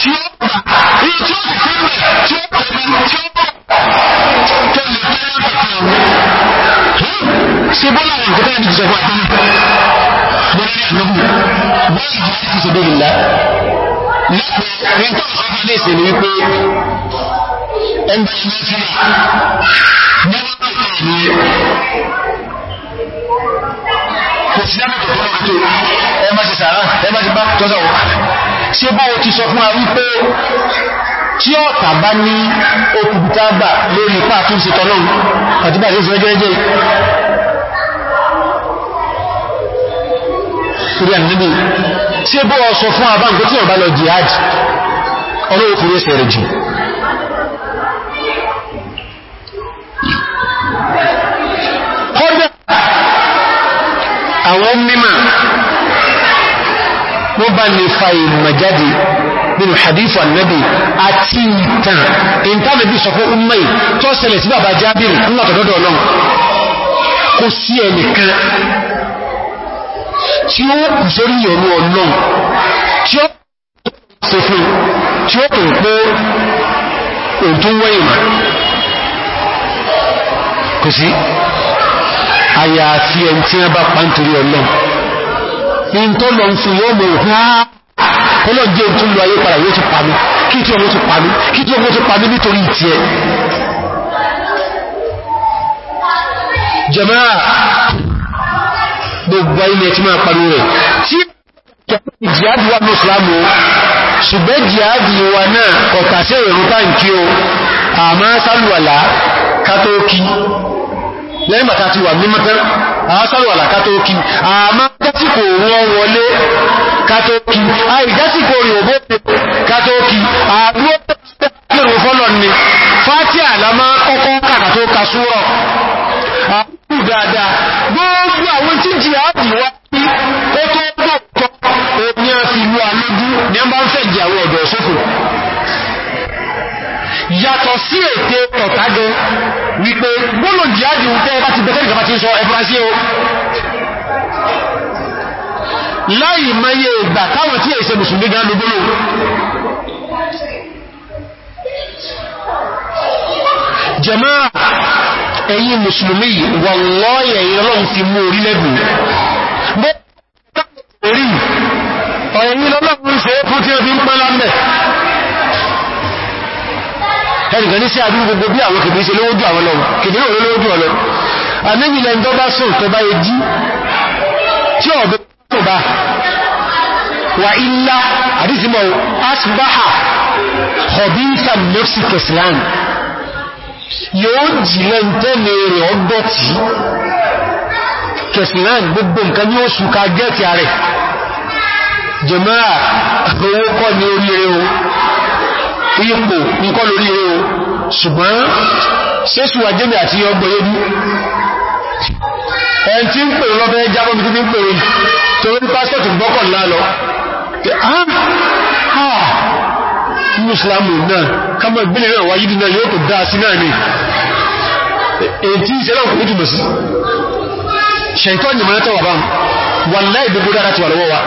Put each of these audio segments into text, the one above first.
tí ó gbà ní tí ó sì sílẹ̀ tí ó pẹ̀lú tí ó bọ̀ tó lè tẹ́ lọ́pọ̀ ṣe bọ́lá àwọn ìjọba ìdí ìjọba àtàlù bọ́lá àlọ́bù bọ́lá ìjọba ti ṣe bí ìlà lọ́pọ̀ ní tó ọ̀fà lè ṣe ní wípé ẹn bá ṣe sí Kò sí dámọ̀ tó tọ́lọ̀ tó, ẹ má ṣe sàárá, ẹ má ṣe bá tọ́sọ̀wọ́ ṣe bó o ti sọ fún a wípé tí ọ̀tà bá ní okùnkùtàgbà lórí ipá àtúnṣe tọ́lọ́run àti bá ìrẹsẹ̀ gẹ́gẹ́ ìrẹ́ níbi tí ó bọ́ sọ fún àbáǹkó tí ọ̀bá lọ jihad ọlọ́wọ́ fúrú sẹ̀rẹ̀ jù kọ́dẹ̀ àwọn mímọ̀ ló bá lè fa ìmọ̀ jáde nínú hadithu annabi àti ìtàn ìntànàbí sọ fún umar tó ṣẹlẹ̀ sí bàbá jábìrì ńlọ̀tọ̀dọ́dọ̀ náà kò sí ẹnìkan tí ó kù sórí ìyọ̀nú tí ó ṣe fún tí ó tó pé òtún wẹ́yìn kò sí àyàfi ẹni tí wọ́n bá pàntorí ọlọ́run in tó lọ fún yóò mọ̀ hàn ọlọ́jẹ́ tún lọ ayé padà yóò ti pàmí kí tí ọmọ ti pàmí kí tí ọmọ ti pàmí nítorí ìtì ẹ jẹmọ́ gbogbo ilẹ̀ tí máa parí rẹ̀ tí jihadi wa ní islamu ṣùgbẹ́ jihadi wa náà kọ̀kà sí ìrùn táǹkí o àmá sálùwàlá kátóókí lẹ́yìn bàtà ti wà ní mọ́tẹ́ àá sálùwàlá kátóókí àmá jásìkò wọ́n wọlé katóki àìjásìkò rí òbó katóki àdúró pẹ̀lú fọ́lọ̀ ni fátí àlámá kọ́kọ́ kàkàtó kasúrọ̀ àkú dáadáa gbogbo àwọn tí jì àbúwá tí ó tó gbọ́kọ́ omi àfilú alójú ní a bá ń fẹ́ jẹ́ àwọn ọ̀dọ̀ sókò yàtọ̀ sí ète ọ̀tágẹ wípé gbọ́nà jihadi ń tẹ́ bá ti bẹ̀tẹ́ ìjọba ti sọ ẹ̀fúrasí o láì mọye ìgbà táwọn tí èsẹ mùsùlùmí gan lógúnlò jàmáà ẹ̀yin mùsùlùmí wallahi ìrọlọ́n ti mú orílẹ̀-èdè orí ọ̀yẹ̀yìn lọ́lọ́run ṣe é fún tí ó fi ń pẹ́ lámẹ́ ẹnìkan ní sí àdúgbò gbogbo bí àwọn kìbìrí ṣe lówó jù àwọn lọ kìbìrí òun lówó jù ọlọ àníbìlẹ̀ ń tó bá yẹ jí tí ọ̀bẹ̀ tó bá wà ilá àdísìmọ̀ asbáhà ọ̀bíńsà mexico islam yóò jìlẹ̀ tẹ́lẹ̀ rẹ̀ ọgbọ́tí kẹsìlán gbogbo nǹkan ní oṣù ká gẹ́ẹ̀tì ààrẹ jẹmọ́ra owó kọ́ ní oríire o ipò nǹkan lóríire o ṣùgbọ́n ṣéṣùwà jẹ́mì àti ọgbọ̀ yẹ́bí ẹn tí ń pèrò lọ́fẹ́ jábọ́ bí tí ń pèrò torí ní pásítọ̀tù gbọ́kọ̀ lálọ mùsùlámù náà kama gbílẹ̀ rẹ̀ wáyé dínà yóò tó dáa sí náà ni ètí ìṣẹ́lẹ̀ òkú jùmọ̀ sí ṣẹ̀tọ́ ni mọ́nátọ̀ wà bá wà láì gbogbo dára ti wà lọ́wọ́ wa wọ́n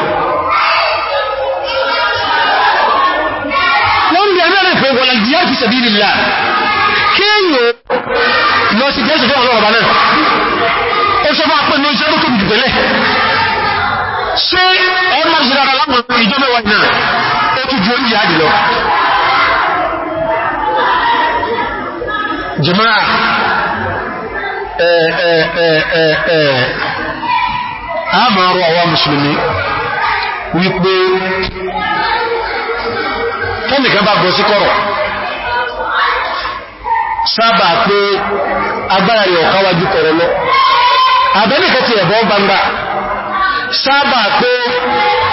bí sọ fún apẹ́ ní oṣù ẹgbẹ́ tóbi jùgbẹ́lẹ̀ ṣé ẹmọ́ ìṣẹ́dára láwọn ìjọba wà náà ó tún ju orí yáàdì lọ jẹmọ́ra àmàrọ̀ àwọn mùsùlùmí wípé kẹ́nìkan bá gọ́ sí kọ́rọ̀ sábà pé agbára rẹ̀ ọ̀káwájú kọ̀rọ̀ lọ àbẹ́nìkan ti ẹ̀bọ́ gbangba sábà pé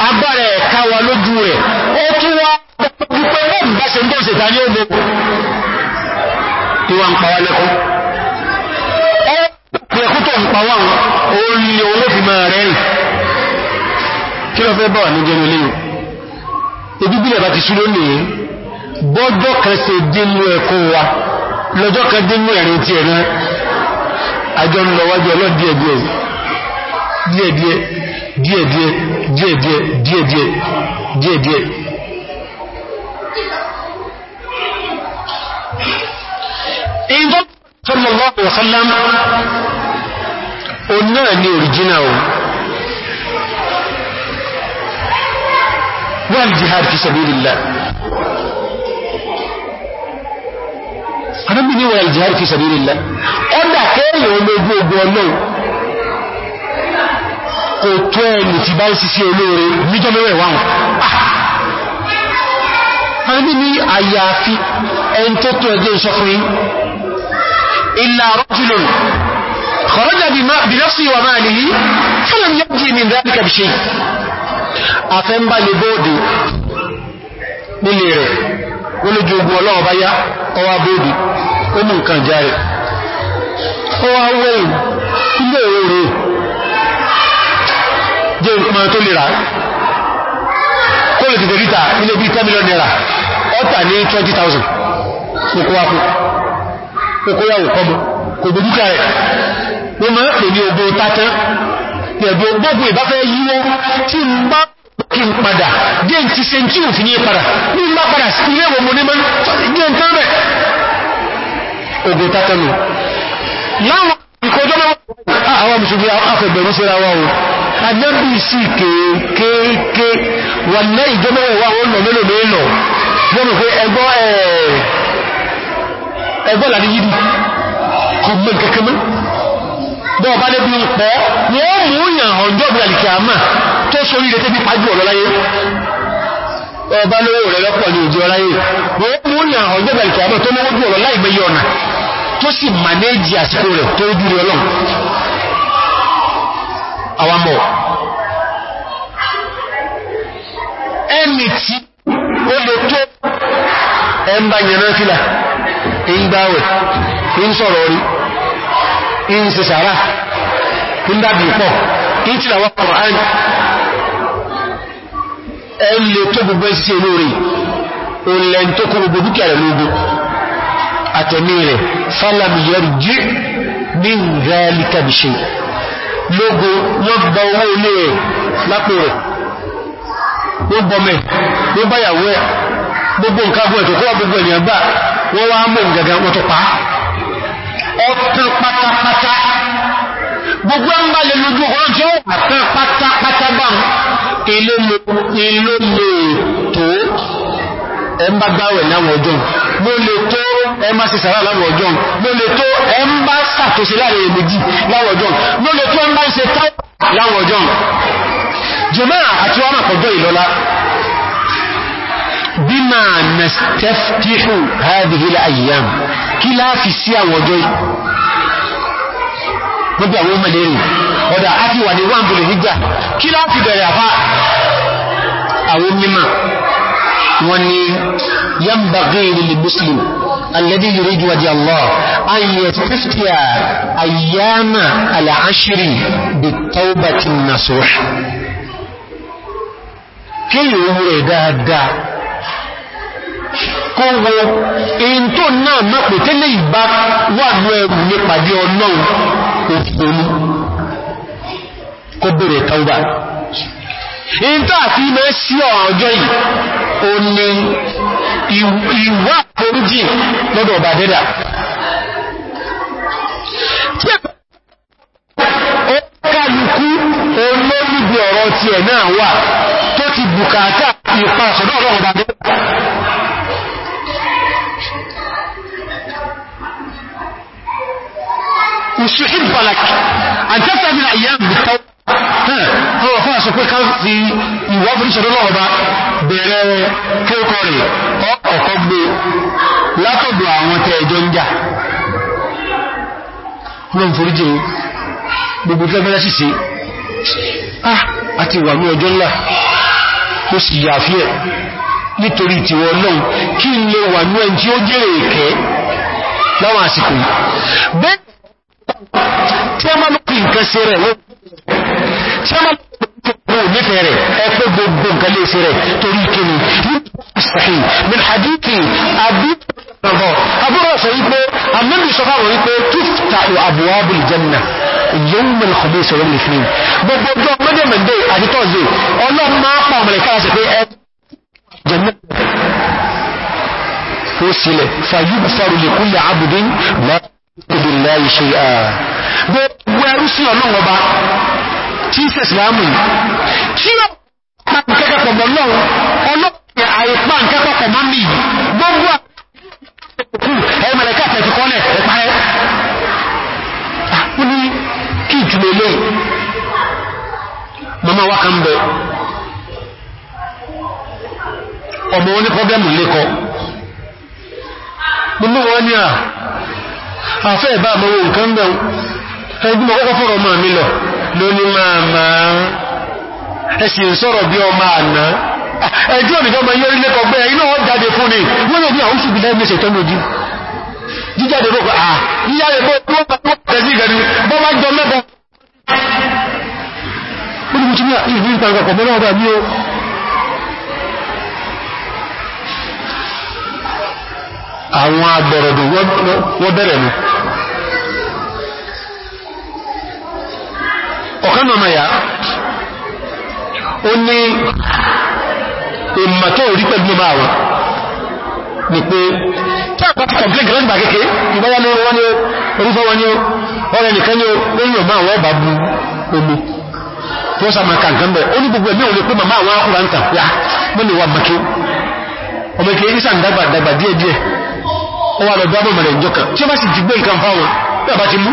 agbára ẹ̀ka wa lójú rẹ̀ ó tún wá pípẹ́ wọ́n bá ṣe ń bó ṣe tàní ogun ìwà ń pàwà lẹ́kún ẹkún tó ń pàwà òun ni owó fi ìbíbílẹ̀ bá ti súró ní bọ́jọ́ kan ṣe dínú ẹkún wa lọ́jọ́ kan dínú ẹ̀rin ti ẹ̀rin àjọ ń lọ wájú ọlọ́n díẹ̀díẹ̀ díẹ̀díẹ̀ díẹ̀díẹ̀ díẹ̀díẹ̀ díẹ̀díẹ̀ díẹ̀díẹ̀ in tó sallallahu alaihi wasallam o náà ní original o wal jihad fi sabilillah anábì ní wọ́n ìjìyàrí fi sabilillah ọ́dà kẹ́yìn ológun ogun ọlọ́run kò tó ẹni tí bá ń sisi olóore níjọ́ mẹ́rẹ̀ wà wọn anábì ah! ní àyàfi ẹni tó tó ẹgbẹ́ ìṣọ́fún illa rajulun kharaja bi nafsihi ó lójú ogun ọlọ́wọ́ bá yá ọwá bóòdì ó mú nǹkan já rẹ̀ ọwá wẹ́yìn ilé oòrè jẹ́ nǹkan tó lè rà kó lè tìtẹ̀ ríta ilé bí 10 million naira ọ́tà ní 20,000 kòkó wá fún kòkó yàwó kọmọ kò gbogbo dúkà rẹ̀ wọ́n máa ń pè ní ogun tátán ẹ̀bùn gbogbo ìbáfẹ́ yíwọ́ tí ń bá kí n padà jẹ́ n ti se tí ò fi ní padà ní má padà sí ilé ìwọ̀n mo ní mọ́ jẹ́ n tẹ́rẹ̀ ogun tátẹ́lù láwọn ìkọjọ́ àwọn musulmi afẹ́bẹ̀rún sí rawa o adẹ́bì sí kéèkéèké wà ní ìjọmọ́wọ̀ wà wọ́n lọ mélòó mélòó gbọ́nà pé ẹgbọ́ ẹgbọ́ tó sórí rẹ̀ tébí pàjú ọ̀rọ̀ láyé ọba lówó rẹ̀ lọ́pọ̀ ní òjò ọláyé wọ́n mú ní àwọn ọjọ́bẹ̀ ìkẹ̀ àmọ́ tó lówó jù ọ̀rọ̀ láìgbé yọ ọ̀nà tó sì manéjì àsìkò rẹ̀ tó rí jùlọ ọlọ́run àwamọ̀ ẹni ẹlẹ́ tó gbogbo sí o olẹ́ tó kó gbogbo dúkìá rẹ̀ lógó àtẹ̀mí rẹ̀ e jí ní ìrẹ́lìkàbìṣe lógó wọ́n gba owó ilé rẹ̀ lápò rẹ̀ wọ́n bọ́mẹ̀ wọ́n báyàwó ẹ̀ gbogbo gbogbo ń bá lè lójú ọjọ́ àpẹ́ pátápátá bá ilé lè tó ẹmbá gbáwẹ̀ láwọn ọjọ́ mo lè tó ẹmbá sí sàrá láwọn ọjọ́ mo lè tó ẹmbá sàtòsí láàrin èmìjì láwọn ọjọ́ mo lè tó ẹmbá ṣe táwọn láwọn ọjọ́ jùmọ́ àti wọ́n àpọ̀jọ́ ìlọ́lá bí máa nastaftihu hadhihi al níbi àwọn ọmọ ilé rẹ̀ ọ̀dá àti wà ní wọ́n bèèrè níjà kí lá fi bẹ̀rẹ̀ àfá àwọn mímọ̀ wọ́n ni yambaghi lil muslim alladhi yuridu wajha Allah an yatafiya ayyama al èyí tó náà mọ́ pẹ̀tẹ́lẹ̀ ìbá wà ní ẹrù nípàdé ọlọ́run kó tóní kó bèèrè tọ́gbà in àti ilẹ̀ sí ọjọ́ yìí o ní ìwà àforíjì lọ́dọ̀ ọba dẹ́dà tí ó kálukú olóògbé ọ̀rọ̀ tiẹ̀ náà wà tó ti bùkátà ìpa ọba dẹ́dà وسيحب لك أن تسعى من أيام بالتوبة هو فاس pé ká fi ìwọ́ fún ìṣẹ̀lẹ̀ lọ́wọ́ bá bẹ̀rẹ̀ kíkọ́ rẹ̀ ọkọ̀ gbé látọ̀dọ̀ àwọn tẹ́ ẹjọ́ ń jà lọ́n foríjì gbogbo tẹ́fẹ́lẹ́ sì sí àti wà ní ọjọ́ ńlá ó sì yà fí ẹ̀ nítorí tiwọn náà kí n tí a máa lókè nǹkan sí rẹ̀ lókè tí a máa lókè nífẹ́ rẹ̀ ẹgbẹ́ gbogbo nǹkan lè sí rẹ̀ torí kíni ní min hadithi abúrò abúrò sọ wípé amẹ́bí sọ fáwọn wípé tufta'u abwabul janna yawm al-khamis wa yawm al-ithnin gbogbo ọjọ́ mẹ́dẹ̀mẹ́dẹ̀ àti tọ́ọ̀zẹ̀ ọlọ́run máa pa ọmọlẹ̀kára sí pé ẹ jẹ́nà ó sílẹ̀ fàyúgbùfàrù lè kúlẹ̀ àbùdín máa billahi shay'a gbogbo ẹrú sí ọlọ́run ọba tí ìsẹ̀sìlámù tí ó pa nkẹ́kẹ́kọ̀ mọ́ lọ́run ọlọ́pẹ̀ àìpá nkẹ́kọ̀kọ̀ mọ́ mí gbogbo àkókù ẹmẹ̀lẹ̀kẹ́ àtẹ̀kọ́lẹ̀ ẹ̀pàẹ́ ó ní kí ìjùmẹ̀lẹ̀ mọ́mọ́ wá kan bẹ ọmọ wọn ní pọ́blẹ́mù lẹ́kọ́ gbogbo wọn ní à àfẹ́ ìbá àmọ́ nǹkan bẹ̀rún ẹgbùn ọkọ̀ fọ́rọ̀ máa mi lọ lóní máa máa ẹ̀sì ń sọ̀rọ̀ bí ọmọ àná ẹjọ́ ìrìnbọn ma yóò rí lẹ́kọ̀ọ́gbẹ́ inú wọ́n jáde fún ni wọ́n yóò bí àwọn ṣùgbì lẹ́gbẹ̀ẹ́ ṣe tọ́nà ojú jíjáde bó pa yíyáre bó wọ́n bá wọ́n tẹ̀sí ìgbẹ̀ni bó bá jọ mẹ́bọ̀ àwọn agbọ̀rọ̀dùn wọ́n bẹ̀rẹ̀ mú ọ̀kan náà ya ó ní ìmọ̀tọ́ orí pẹ̀lú máa wọ́n ni pé tí àpá kọ̀m̀plé gẹ̀rẹ́ ìgbà kéèké ìbáyá ní wọ́n ní orúfẹ́ wọn ní ọ̀rẹ́ nìkan máa wọ́n bá bú omi tí ó sàmà kàǹkan bẹ̀ ó ní gbogbo ẹ̀mí òun pé màmá àwọn yá mọ́ wà lọ dábò mẹ́rẹ̀ ìjọkà tí ó bá sì ti gbé nǹkan fáwọn bí àbá ti mú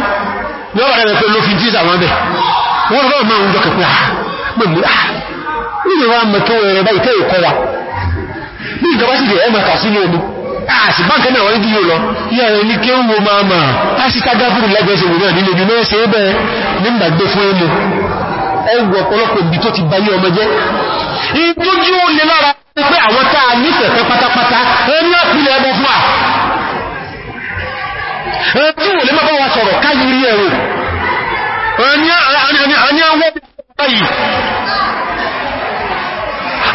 ní ọ̀rọ̀ rẹ̀ pé ló fi jíza wọn bẹ̀ wọ́n rọ̀ mọ́ ìjọ kẹ̀kẹ́ àmì nílẹ̀ wá mọ̀ tó rẹ̀ bá ìtẹ́ ìkọ́ wa ní ìjọba sì rẹ̀ ẹmọ̀ tàṣí ní omi àṣì báńkẹ́ náà wọ́n ní díyò lọ yẹ́ rẹ̀ ní kí ó wo máa mà á sì tágábùrù lágbẹ́sẹ̀ wò náà é bẹ́ẹ̀ nígbàgbé fún ẹmọ ẹgbẹ̀ ọ̀pọ̀lọpọ̀ ibi tó ti báyìí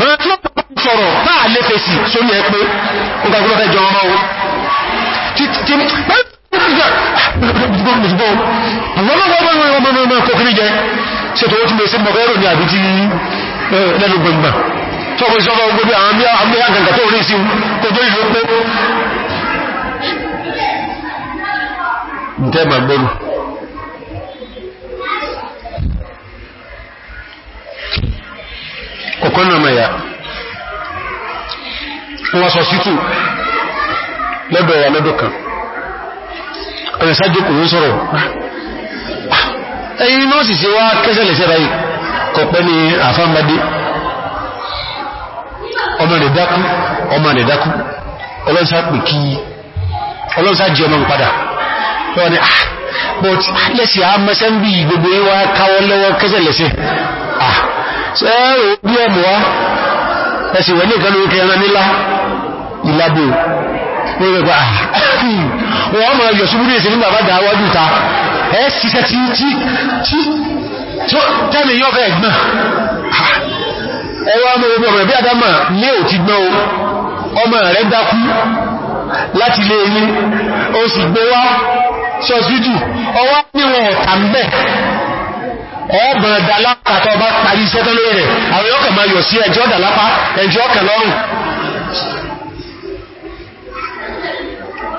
ọ̀rẹ́ tí ó pọ̀ sọ̀rọ̀ táà lé fèsì sórí ẹ pé ó gbàgbọ́ fẹ́ jọ ọmọ o títí tọ́gbọ́n ìṣọ́gbọ́n gbogbo àwọn bí i àgbàgbà tó rí sí kò tó ìlú pé ǹtẹ́ màgbọ́nù ọ̀kan náà mẹ́yà wọ́n sọ sítù lẹ́bẹ̀ kan ọ̀rẹ̀ sájókò ló sọ̀rọ̀ ah, ẹ̀yìn náà sì sí wá kẹsẹ̀lẹ̀ sẹ́ra yìí kọ̀pẹ́ ni àfámbadé ọmọ rẹ̀ dákú ọmọ rẹ̀ dákú ọlọ́nsá pè kí ọlọ́nsá ah ah ṣe ẹ̀rọ bí ọmọ wá ẹ̀sì wẹ̀ ní ìkan lórí ẹran nílá ìlàbò hmm, wọ́n mọ̀ yọ̀ ṣubú ní ìsinmi bàbá dáwọ́dù ta ẹ̀ síṣẹ́ tí tí tẹ́lẹ̀ yọ́ fẹ́ gbọ́n ẹwà ọmọ ogun ọ̀rẹ̀ bí adámà ní ò ti gbọ́n ọmọ rẹ̀ dákú láti lè ní ó sì gbé wá ṣọ́sídù ọwá ní wọn ọ̀tà ń bẹ̀ ọ̀bọ̀n dalápa tó bá parí iṣẹ́ tó lórí rẹ̀ àwọn yóò kàn máa yọ̀ sí ẹjọ́ dalápa ẹjọ́ kàn lọ́rùn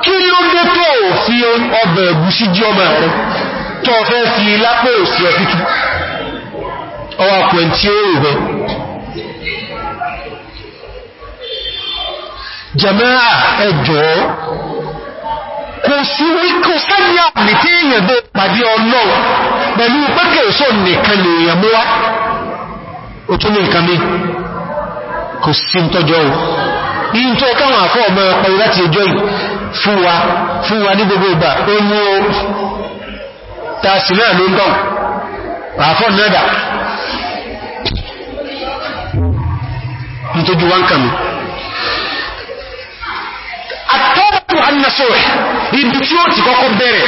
kí ló dé tó fi ọbẹ̀ ẹ̀gúsí jí ọmọ rẹ̀ tó fẹ́ fi lápẹ́ òsì ẹ̀fitú ọwà pẹ̀ntí oòrùn rẹ̀ pẹ̀lú pẹ́kẹ̀ èso nìkan lè yàn mú wá o tún ní nǹkan mi kò sí ń tọ́jọ́ o yínyìn tó káwọn àfọ́ ọmọ ọpọlọ láti ẹjọ́ yìí fún wa fún wa ní gbogbo ìgbà ó mú o tààsì náà ló ń dán àfọ́ nẹ́dà nítójú wá ń kàmù àtọ́bù annasọ́rẹ̀ ibi tí ó ti kọ́kọ́ bẹ̀rẹ̀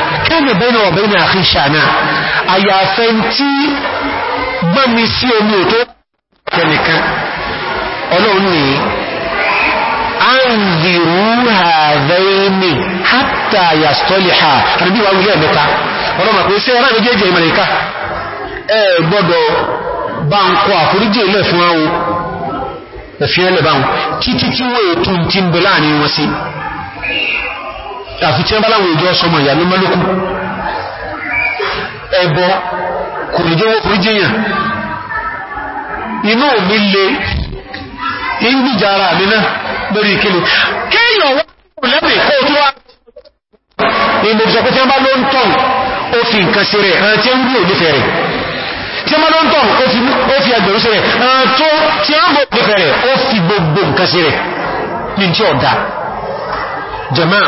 kẹ́nà bẹ́nà ọ̀bẹ́nà àkíṣà náà àyàfẹ́ tí gbọ́mi sí omi ò tó kẹnìkan ọlọ́run ní anziru hadaini hatta yastoliha àrùbí wa wílẹ̀ mẹ́ta ọlọ́mà pé sí ẹ̀rá méjèèjì ìmọ̀lẹ́ká ẹ gbọ́dọ̀ bá ń àfi tí wọ́n bá láwọn ìjọ sọmọ ìyà ló mọ́lókù ẹbọ kò ní jẹ́wọ́ orí jẹ́yàn inú mi le ìgbìjà ara mi náà lórí ìkílù kéèyàn wọ́n lẹ́bìn kó tó wá ìmọ̀ ìsọ̀kú tí wọ́n bá ló ń tàn ó fi nǹkan sí rẹ̀ tó tí ó ń bò òdífẹ́ rẹ̀ ó fi gbogbo nǹkan sí rẹ̀ ní tí ọ̀dá jẹ́máà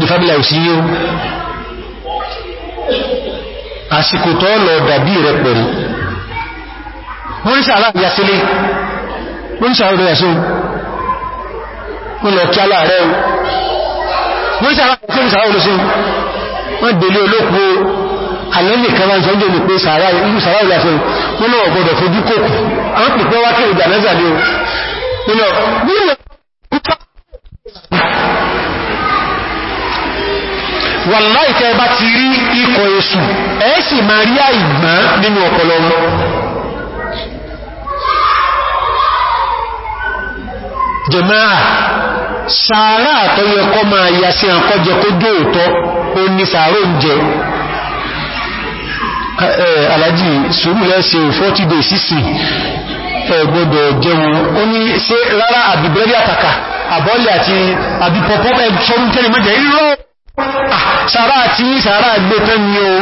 the family house yíó àsìkò tó lọ dàbí rẹ̀ pẹ̀lú wọ́n ní sàárà ìyàsílé wọ́n ní sàárà ìyàsó wọ́n lọ kí aláàrẹ́ wọ́n ní sàárà ìyàsó sàárà olóso wọ́n délé olóko alẹ́lẹ̀ kẹwàá ìṣọ́jọ́ ní pé sàárà ìyàsó wọ́n lọ gbọ́dọ̀ fojú wàláì tẹ́ bá ti rí ikọ̀ èṣù ẹ̀ sì máa rí àìgbọ́n nínú ọpọlọ wọn jẹmáà sàárà àtọ́yẹ kọ́ máa yà sí àkọ́jẹ kó dóòtọ́ ó ní sàárò ń jẹ alájì sùúrùlẹ́sẹ̀ 40 days sísì ẹgbọ́dọ̀ jẹun ó ní ṣe rárá àbìbẹ́rí àtàkà àbọ́lẹ̀ àti àbìpọ̀pọ̀ ẹgbẹ̀ṣọ́rún tẹ́lẹ̀ mẹ́jẹ̀ ìrọ̀ sàrá tí sàrá gbé tán ni o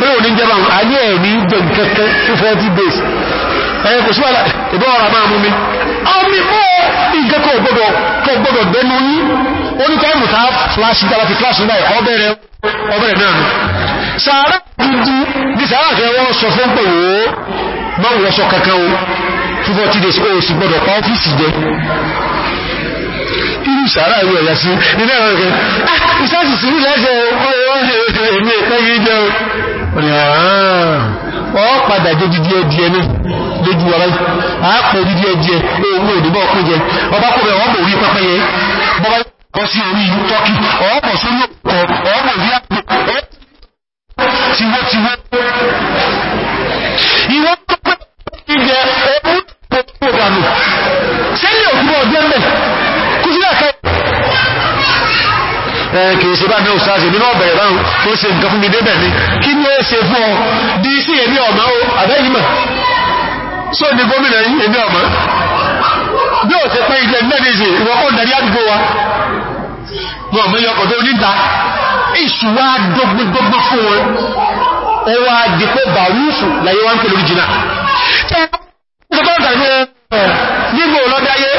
pé ò ní jẹba ayé ẹ̀ ní jẹ kẹ́kẹ́ fún 40 days ẹ̀yẹ kò síwá ìbọ́ ọ̀rọ̀ máa mú mi ọmọ mọ́ ìgẹ́kọ̀ ògbọ́dọ̀ kọ gbọ́dọ̀ gbẹ́nu yí onítọ́ọ̀mù ta flash gbára ti flash nígbà ọbẹ̀rẹ̀ ọbẹ̀rẹ̀ náà sàrá dúdú ní sàrá fẹ́ wọ́n sọ fún pé wò ó mọ́ wọ́sọ kankan o fún 40 days ó sì gbọ́dọ̀ pa ọ́fíìsì jẹ irú sàárà ìwé ẹ̀yà sí ilé ẹ̀rọ rẹ̀ ìsáàsì sí ní lẹ́sẹ̀ ọ̀rẹ́wọ̀n ẹ̀kọ́ yìí jẹ́ ọ̀ padà jẹ́ jíjí ẹ̀díẹ̀ ní lójú ọ̀rẹ́ àápọ̀ jíjí ẹ̀díẹ̀ ohun òdìbọ̀ ọkùn jẹ ọba kò bẹ̀rẹ̀ ọmọ orí pẹ́pẹ́yẹ bọ́bá bọ́ sí orí ìlú tọ́kì ọmọ sórí ọkọ̀ ọmọ orí àpò tiwọ́tiwọ́ ìwọ́n tó pẹ́ kìí ṣe bá ní òṣàṣẹ́ nínú ọ̀bẹ̀rẹ̀ báhùn tó ṣe nǹkan fún mi débẹ̀ ní kí ni ó ṣe fún ọ bí sí èmi ọ̀mọ́ o àbẹ́yìmọ̀ só ní gómìnà yìí èmi ọ̀mọ́ bí ó ṣe pẹ́ ilẹ̀ nẹ́dẹ̀ẹ́sì ìwọ̀kọ́ darí àdúgbò wa wọn mọ́ yọkọ̀ tó níta ìṣùwá dọ́gbọ́gbọ́ fún wọn ó wá dìpọ̀ bàrúfù láyé wá ń pè lórí jìnà nígbò lọ́dáyé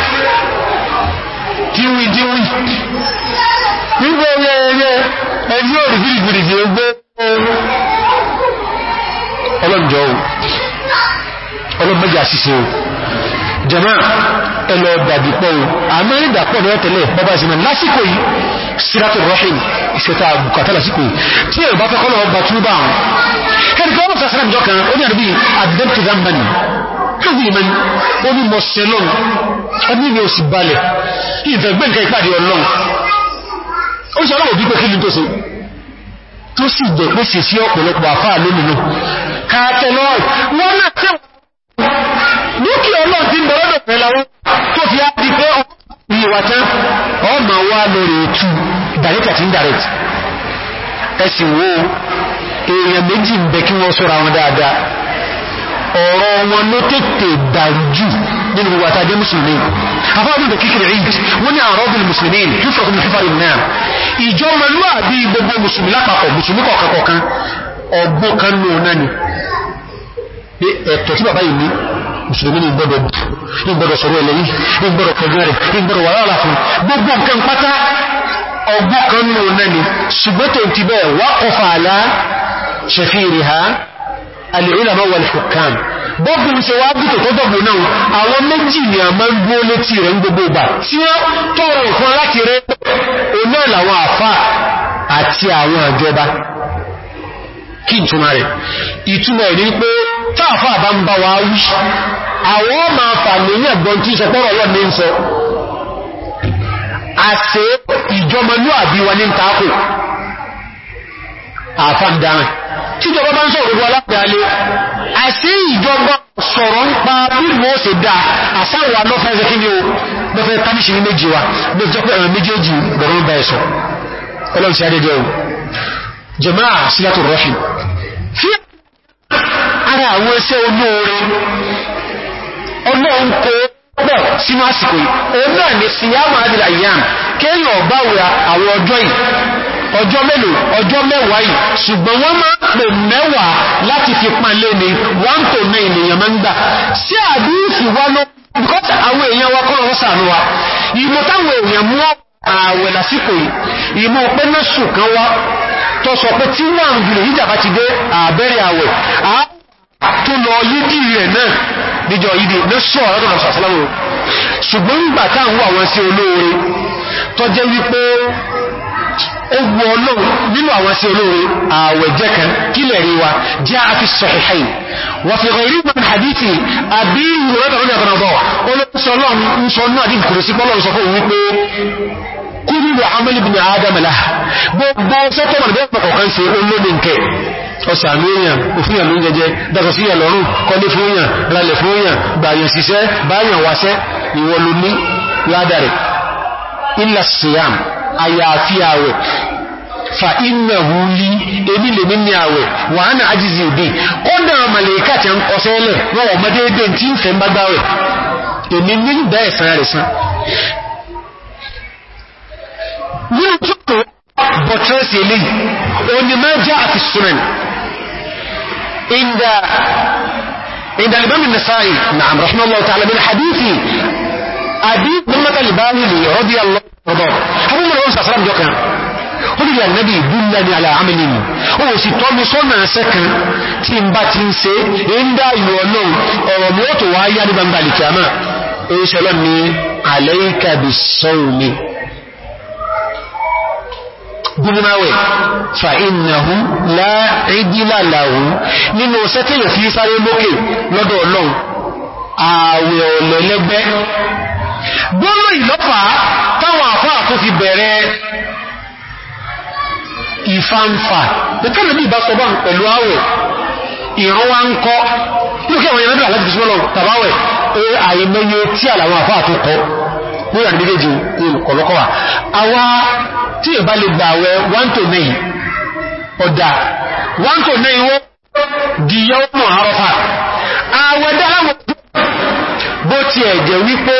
díwí díwí nígbà orí ẹyẹ ẹni yóò rí fìrìfìrìfì ogbó ọlọ́njọ́ o ọlọ́mọ́jà ṣíṣe o jẹmọ́ ẹlọ dàdìpọ̀ o àmọ́ ní dàpọ̀ ní ọ̀tẹ̀lẹ̀ bọ́bá ìsinmi lásìkò yìí síratọ̀ rọ́hìn ìṣẹ́ta bukata lásìkò yìí tí ẹ̀rọ bá fẹ́ kọ́lọ̀ ọba túnbà àwọn ẹ̀rọ bá fẹ́ sẹ́rẹ̀ jọ́kan ó ní àdúgbì àdẹ́pùtù dámbani lórí ìmẹ́ni ó ní mọ̀ sẹ́lọ́n ẹni ni ó sì balẹ̀ ìfẹ̀gbẹ́ nǹkan ìpàdé ọlọ́run ó ṣe aláwọ̀ dípẹ́ kí ní tó ṣe tó sì jẹ́ pé ṣe sí ọ̀pọ̀lọpọ̀ àfáà lónìí kàtẹ̀lọ́ wọ́n náà tẹ́ dúkìá náà ti bọ̀rọ̀dọ̀ pẹ̀láwọ́ tó fi á di pé ìwàtán ọmọ wa lórí ètù direct àti قادة مسلمين أفاضل دكيك العيد وني أعراض المسلمين حفرة من حفر النام إيجار ملوى دي بابو مسلمين لك أقو مسلمك أقو كان أبو كان نوناني التوتيب إيه، أبايني مسلمين يبدو يبدو صروي لي يبدو كجاري يبدو ولا لك بابو كان قطع أبو كان نوناني سبت انتباه وقف على شفيرها العلماء والحكام bọ́gùn ṣe wá gùtò tó dọ̀gbò náà àwọn méjì ni a máa ń gbó létí rẹ̀ ń gbogbo ìgbà tí ó tọrọ fún láti rẹ̀ oná làwọn àfà àti àwọn àjọba kí ìtumà rẹ̀ ìtumà rẹ̀ ní pé táàfà bá ń bá wa wí àwọn máa fà lóyìn ẹ̀gbọ́n tí ìṣẹ̀pọ̀rọ̀ lọ́ ní ń sọ àṣẹ ìjọmọlúàbí wa ní ń takò àfà ń dáhùn tíjọba bá ń sọ òrùgbọ́ alágbàálé àṣí ìjọba sọ̀rọ̀ ń pa bílùmọ́ òsè dá àsáwà lọ́fẹ́ ẹsẹ̀ kí ni o lọ́fẹ́ tábíṣì ní méjì wa ló jẹ́ pé ẹ̀rọ méjèèjì bẹ̀rẹ̀ ń bá ẹ̀sọ̀ ọlọ́run ti adẹ́dẹ́ o jàmáà sílátò rọ́fì fí ara àwọn ẹsẹ́ olóore ọlọ́run kó pọ̀ sínú àsìkò yìí òun náà ni síyámà adìlà ìyàm kéèyàn ọ̀báwẹ̀ àwọn ọjọ́ yìí ọjọ́ mélòó ọjọ́ mẹ́wàá yìí ṣùgbọ́n wọ́n máa ń pè mẹ́wàá láti fi pàlẹ́ ní wọ́n tó ní ènìyàn máa ń gbà sí àdúrífì wá ló àwọn èèyàn wa kọ́rọ̀ sàánú wa ìmọ̀ táwọn èèyàn mú ààwẹ̀ lásìkò yìí ìmọ̀ pé mẹ́sù kan wá tó sọ pé tí wọ́n ń gbìyànjú sí olóore tó jẹ́ wípé ewu ọlọ́run nínú àwọn sí olóore ààwẹ̀ jẹ́ kan kílẹ̀ rí wa jẹ́ a fi sọ̀hìhìn wà fi rọ̀ ìrìnwà ní hadithi àbí ìrọ̀lọ́dọ̀ lórí ọ̀tọ̀nà bọ̀ olóòsọ́lọ́run ń sọ náà dín kùrù sí pọ́lọ́run sọ fún wípé kúrìlù amẹ́lì bin adam láà gbogbo sọ́tọ̀ mọ̀ bẹ́ẹ̀ kọ̀kan sí olóòdì nkẹ́ ọ̀sàmì èèyàn òfin àlú àyàfi àwẹ̀ fa inna huli ebi lè nínú àwẹ̀ wà á na ajizi òbí kọ́dà màlèkà tí a ń kọsẹ́lẹ̀ wọ́n ọmọdé dé tí ń fẹ́ bá gbáwẹ̀ èmi ní ìdá ẹ̀sán rẹ̀ sán nínú tó bọ̀tẹ́sì ilé onímọ̀ jẹ́ àti sunan inda inda al-Imam ọ̀dọ̀ abúmọ̀rẹ̀ wọ́n sàfẹ́lá jọ kan ó lè ànábì ìdúnlẹ̀ ní aláàmìnì mú ó sì tọ́ mi sọ́nà sẹ́kan tí ń bá ti ń se ń dá ìlú ọlọ́run ọ̀rọ̀ mú ó tó wá yá nígbà gbà lìkàmà oúnṣẹ́lọ́ gbọ́nà ìlọ́pàá táwọn àfáà tó fi bẹ̀rẹ̀ ìfàǹfà pẹ̀kẹ́lẹ̀ bí ìbá sọ́bọ̀n pẹ̀lú àwẹ̀ ìrànwá ń kọ́ lókè àwọn ìrànlẹ́bìnà láti bísmọ́lọ tàbáwẹ̀ àìmẹ́yẹ tí àlàwọn àfáà tó kọ́ ní ìrànlẹ́ méjèèjì ìkọ̀lọ́kọ́wà àwa tí ìbá lè gbà àwẹ̀ 1 to 9 ọ̀dà 1 to 9 wọ́n di yọ́ mọ̀ àrọ́fà àwẹ̀dá àwọn bó ti ẹ̀jẹ̀ wípé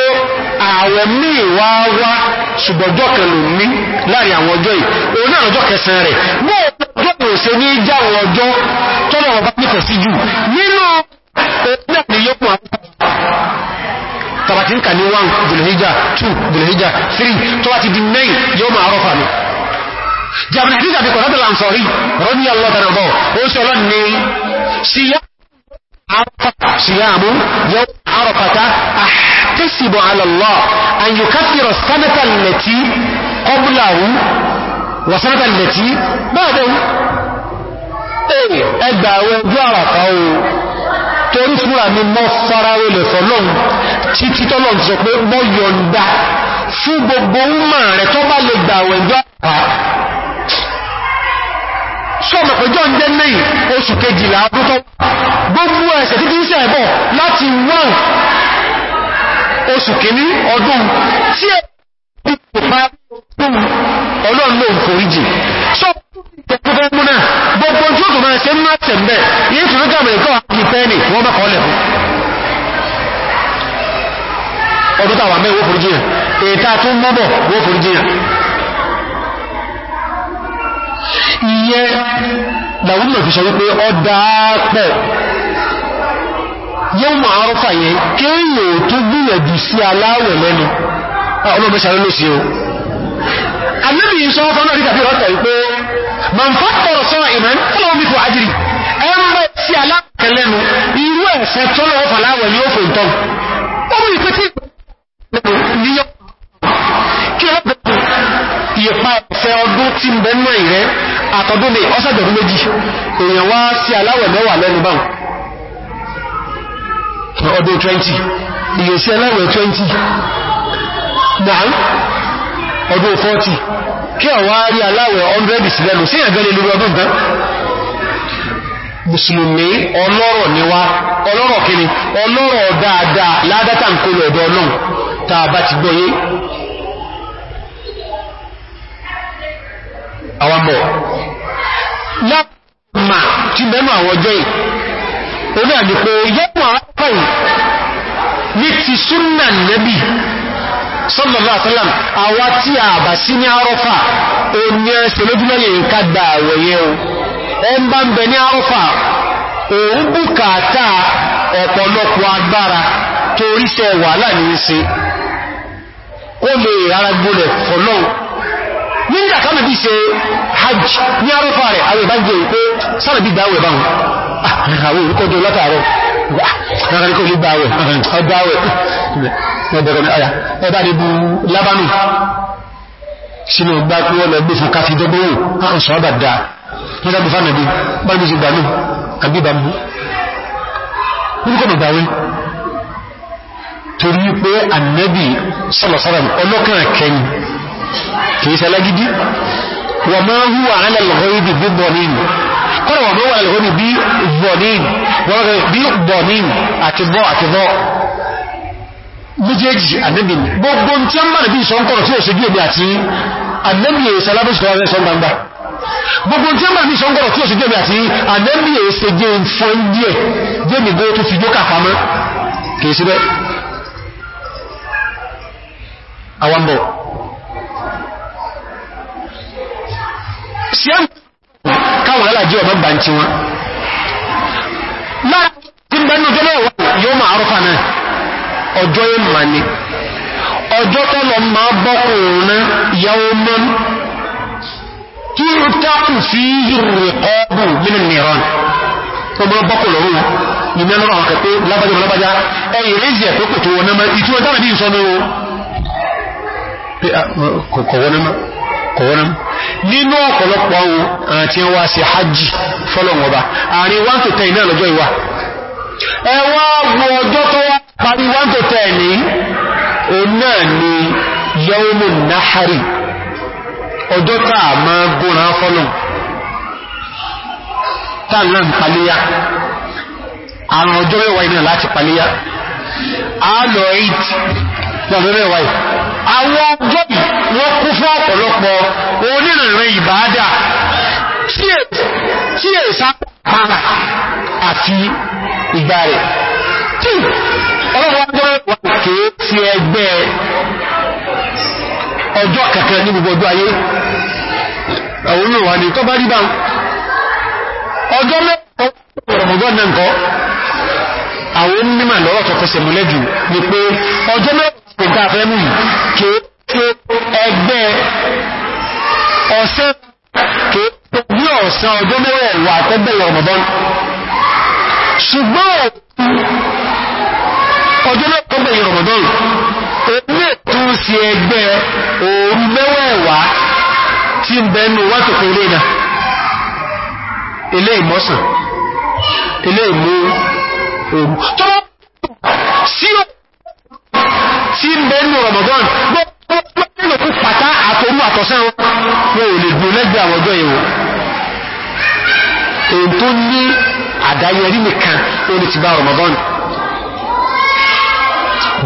ààwẹ̀ míì wá wá ṣùgbọ́jọ́ kan ló ní láàrin àwọn ọjọ́ yìí òun náà ọjọ́ kẹsàn rẹ̀ mọ́ ọjọ́ kò ṣe ní já ọjọ́ tọ́lọ̀ ọba nífẹ̀ẹ́ sí jù nínú òun náà ni yóò pọ̀ tàbátí ń kà ní 1 Dhul-Hijjah 2 Dhul-Hijjah 3 tó bá ti di 9 yóò máa rọ́fà mi jàmìnà àdíjà fi kọ̀rọ̀dọ̀ làǹsọ̀rí rọ́dí ọlọ́tàràbọ̀ ó sọ́lọ́ عرفة أحتسب على الله أن يكفر السنة التي قبله وسنة التي بعده ẹgbà àwọn ẹgbẹ́ àràfà o torí fúnra mi mọ́ farawé lè fọ́lọ́n títí tọ́lọ̀ ti sọ pé mọ́ yọ̀ǹda fún gbogbo ń máa rẹ̀ tó bá lè gbà àwọn ẹgbẹ́ àràfà sọ́mọ̀ pẹ̀jọ́ ń jẹ́ mẹ́yìn oṣù kejìlá àdútọ́ gbogbo ẹ̀ṣẹ̀ títí ń sẹ́ẹ̀bọ̀ láti wọ́n oṣù kìíní ọdún tí ẹ̀ pípò bá ọdún ọlọ́run ló ń foríjì ọdún tàwà mẹ́ wó foríjì ẹ̀ ètà tún mọ́bọ̀ wó foríjì ẹ̀ ìyẹ́ làwúlẹ̀ fi sọ wípé ọdáápọ̀ yóò mọ̀ àárọ́fà yẹ kéèyò tó gbìyànjú sí aláwẹ̀ lẹ́nu ah, ọlọ́mọ̀ṣàrẹ́ ló sí o annabi sọ fọ́n náà ríkàfí rọ́ta wípé ma ń fọ́pọ̀rọ̀ sọ ìmẹ́ fọ́lọ́ mi kò ajiri ẹn bá sí aláwẹ̀ lẹ́nu irú ẹ̀sẹ̀ tó lọ́wọ́ fàláwẹ̀ ni ó fòntọ́ ó mú ìpẹ́tí ìpẹ́ ìyẹ̀pá ọ̀fẹ́ ọdún tí ń bẹ mọ́ ìrẹ́ àtọdún lè ọ́sàjọ̀dún méjì èèyàn wá sí aláwẹ̀ mẹ́wàá lẹ́nu báhùn ọdún 20 èèyàn sí aláwẹ̀ 20 náà ọdún 40 kí alawọ rí aláwẹ̀ 100 sí lẹ́nu sí ẹ̀gẹ́lẹ́ lórí ọdún kan ọlọ́rọ̀ ọlọ́rọ̀ kiri ọlọ́rọ̀ dáadáa ládátà ń kó àwọn bọ̀ lọ́pàá tí mẹ́nu àwọn ọjọ́ yìí orí àdì pé yẹ́mù àwọ́pọ̀ ní ti súnnà nẹ́bì sallallahu alaihi wasallam àwa tí a bà sí ní arọ́fà o ní ẹsẹ̀ lójúmọ́lẹ̀ nǹkan gbà àwẹ̀yẹ o ẹ ń bá ń bẹ ní arọ́fà òun bùkátà ọ̀pọ̀lọpọ̀ agbára toríṣẹ́ wàhálà ní í ṣe kó lè rárá gbólẹ̀ fọ́lọ́un nígbà ká mẹ́bí ṣe hajj ní arọ́fà rẹ̀ àwọn ìbájẹ́ ìpé sálẹ̀bí gbáwẹ̀ báwọn ah, àwọn olùkọ́jọ́ látàrọ rárẹ́kọ́ ah, lè gbáwẹ̀ ọgbáwẹ̀ ẹbá ní bú lábánù sínú gbá kí wọ́n lọ gbé fún káfí dọ́gbówó àwọn ah, sọ àbàdà ní ọjọ́ bùfánà bí bọ́lú sí gbà náà àgbébà mú orúkọ mọ̀gbàwé torí pé ànẹ́bì sọ́lọ̀sọ́rọ̀ ọlọ́kàn kẹyìn kìí sẹlẹ́gidi wà máa ń húwà alẹ́lẹ́gọ́ríbì bí bọ̀nín kọ́nà wà máa alẹ́gọ́ríbì bí bọ̀nín wọ́n rẹ̀ bí bọ̀nín àti bọ́ àti bọ́ méjèèjì àdébìn gbogbo tí a ń bá nàbí ìṣọ́nkọ̀rọ̀ tí ó ṣe gbé àti àdébì ìṣẹ́lábẹ́sọ̀rọ̀ gbogbo tí a ń bá nàbí ìṣọ́nkọ̀rọ̀ tí ó ṣe gbé àti àdébì ìṣẹ́gbé fún díẹ̀ jẹ́mì gbó tó fi jókà pamọ́ kìí síbẹ̀ awambo sí ẹ̀mù káwọn alájí ọmọ bá ń tí wọn lára tí bẹnu tó náà wà yóò máa rọ́fà náà ọjọ́ ìmà ni ọjọ́ tọ́lọ máa bọ́kùnrin yàwó mọ́n kí ó tákù sí ìrìkọ́bù nínú mìíràn tó mọ́ bọ́kùnrin òun ìmẹ́ lọ́rọ̀ àwọn kẹfẹ́ lábájá lábájá ẹ̀yìn rẹ́zì ẹ̀ tó kò nínú ọ̀pọ̀lọpọ̀ ohun àti wá sí hajji fọ́lọ̀wọ̀ba àárín 1 to 10 náà lọ́jọ́ ìwà ẹwà wo ọjọ́ tó wá parí 1 to 10 ní o náà ni yawmun nahari ọjọ́ táà ma gbóná fọ́lọ̀ táà náà ń paléyà àrùn àwọn ọjọ́ wọ́n kú fún ọ̀pọ̀lọpọ̀ onírìnrìn ìbáadà tí è sápàá àti ìgbà rẹ̀ tí ọlọ́pàá kèé sí ẹgbẹ́ ọjọ́ kẹ̀kẹ́ ní gbogbo ọjọ́ ayé àwọn olùwà ní tó bá rí ọ̀rọ̀mọ̀gọ́ náà àwọn onímọ̀ lọ́rọ̀ tó ni pé ọjọ́ mẹ́kọ̀ọ́ òkà fẹ́mù kéèké ẹgbẹ́ ọ̀sẹ́ kéèké bí ọ̀sán ọjọ́ mẹ́rẹ̀ wà tẹ́gbẹ̀rẹ̀ ọmọdán ṣùgbọ́n ọjọ́ mẹ́rẹ̀ ọmọdán èmi ètò se ẹgbẹ́ òun mẹ́wẹ̀ẹ̀wà tí ń bẹnu wà tó kéré náà ilé ìmọ́sàn ilé ìmú òun tó sí ọ̀pọ̀ tí ń bẹ nù Ramadan gbogbo ẹlòkú pàtà àtorú àtọ̀sán wọn ò lè gbò lẹ́gbẹ̀ àwọn ọjọ́ ìwò èyí tó ní àdáyẹrí nìkan ó lè ti bá Ramadan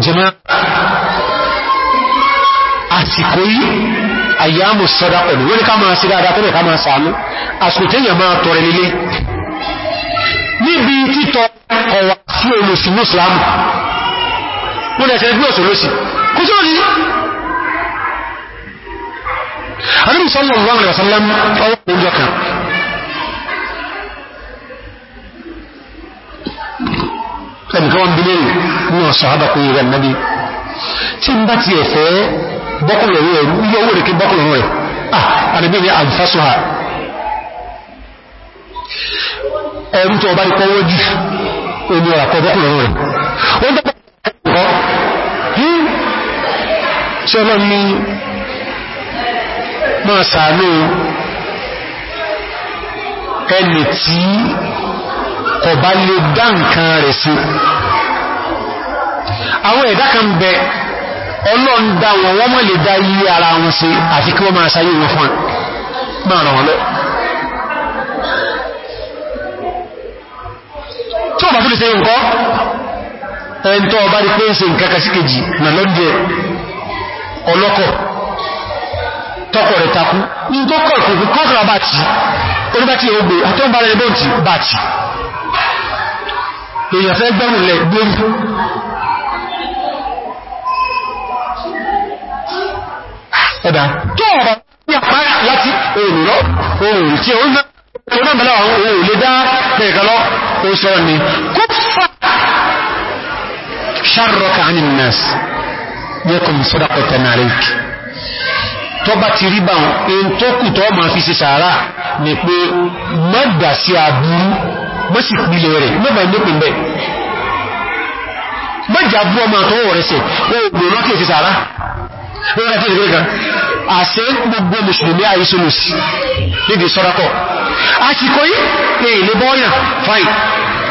jẹmọ́ àsìkò yìí àyàmù sọ́dá pẹ̀lú wọ́n ní ká máa sí dáadáa tẹ́lẹ̀ ká máa sàánú àsìkò tẹ́yàn máa tọrẹ nílé níbi títọ ọ̀wà sí olùsùn mùsùlámù wọ́n lẹ́sẹ̀ gbé ọ̀sọ̀ lọ́sí kò sọ́rọ̀ ní àdúrù sọ́lọ̀ wọ́n rẹ̀ sọ́lọ́m ọwọ́ oúnjẹ kan ẹnìkan wọ́n bílé náà sọ̀hábà kò yẹ̀rẹ̀ nàbí tí ń bá ti ẹ̀fẹ́ bọ́kùnlọ̀ rẹ̀ yọ owó rẹ̀ kí bọ́kùnlọ̀ rẹ̀ ah àdìbí ni àǹfàṣọ́hà ẹ̀rù tó ọba ikọ́wọ́ jù omi ọ̀rà kọ bọ́kùnlọ̀ rẹ̀ ẹ̀kọ́ tí ọlọ́ ní máa sàánú ẹni tí kò bá lè dá nǹkan rẹ̀ sí àwọn ẹ̀dá kan bẹ ọlọ́n dá wọn wọ́n mọ́ lè dá yí ara wọn sí àti kí wọ́n máa sáyé wọn fún máa ràn wọn lọ ẹn tó ọba rí pé ń ṣe nǹkan sí kejì nà lọ́dẹ̀ ọlọ́kọ̀ tọ́kọ̀ rẹ̀ takú ní tó kọ̀ ìkòkò kọ́kọ̀rọ̀ bàtì oníbàtí ogbe àtọ́mbà rẹ̀ bọ́ǹtì bàtì èèyàn fẹ́ gbọ́nulẹ̀ gbórí ẹ̀dà tó ọ̀rọ̀ ní àpárá láti òòrùn tí ó ṣarraka anil nas yẹ́kùn sadaqatan alayk tó bá ti rí bá wọn èyí tó kù tó ma fi ṣe sàárà ní pé mọ́gbà sí àbúrú mọ́sí pìlẹ̀ rẹ̀ mọ́bà ní pín bẹ́ mọ́jà bú ọmọ àtọwọ̀ rẹ̀ sẹ̀ oògùn lọ́kì èsì sàárà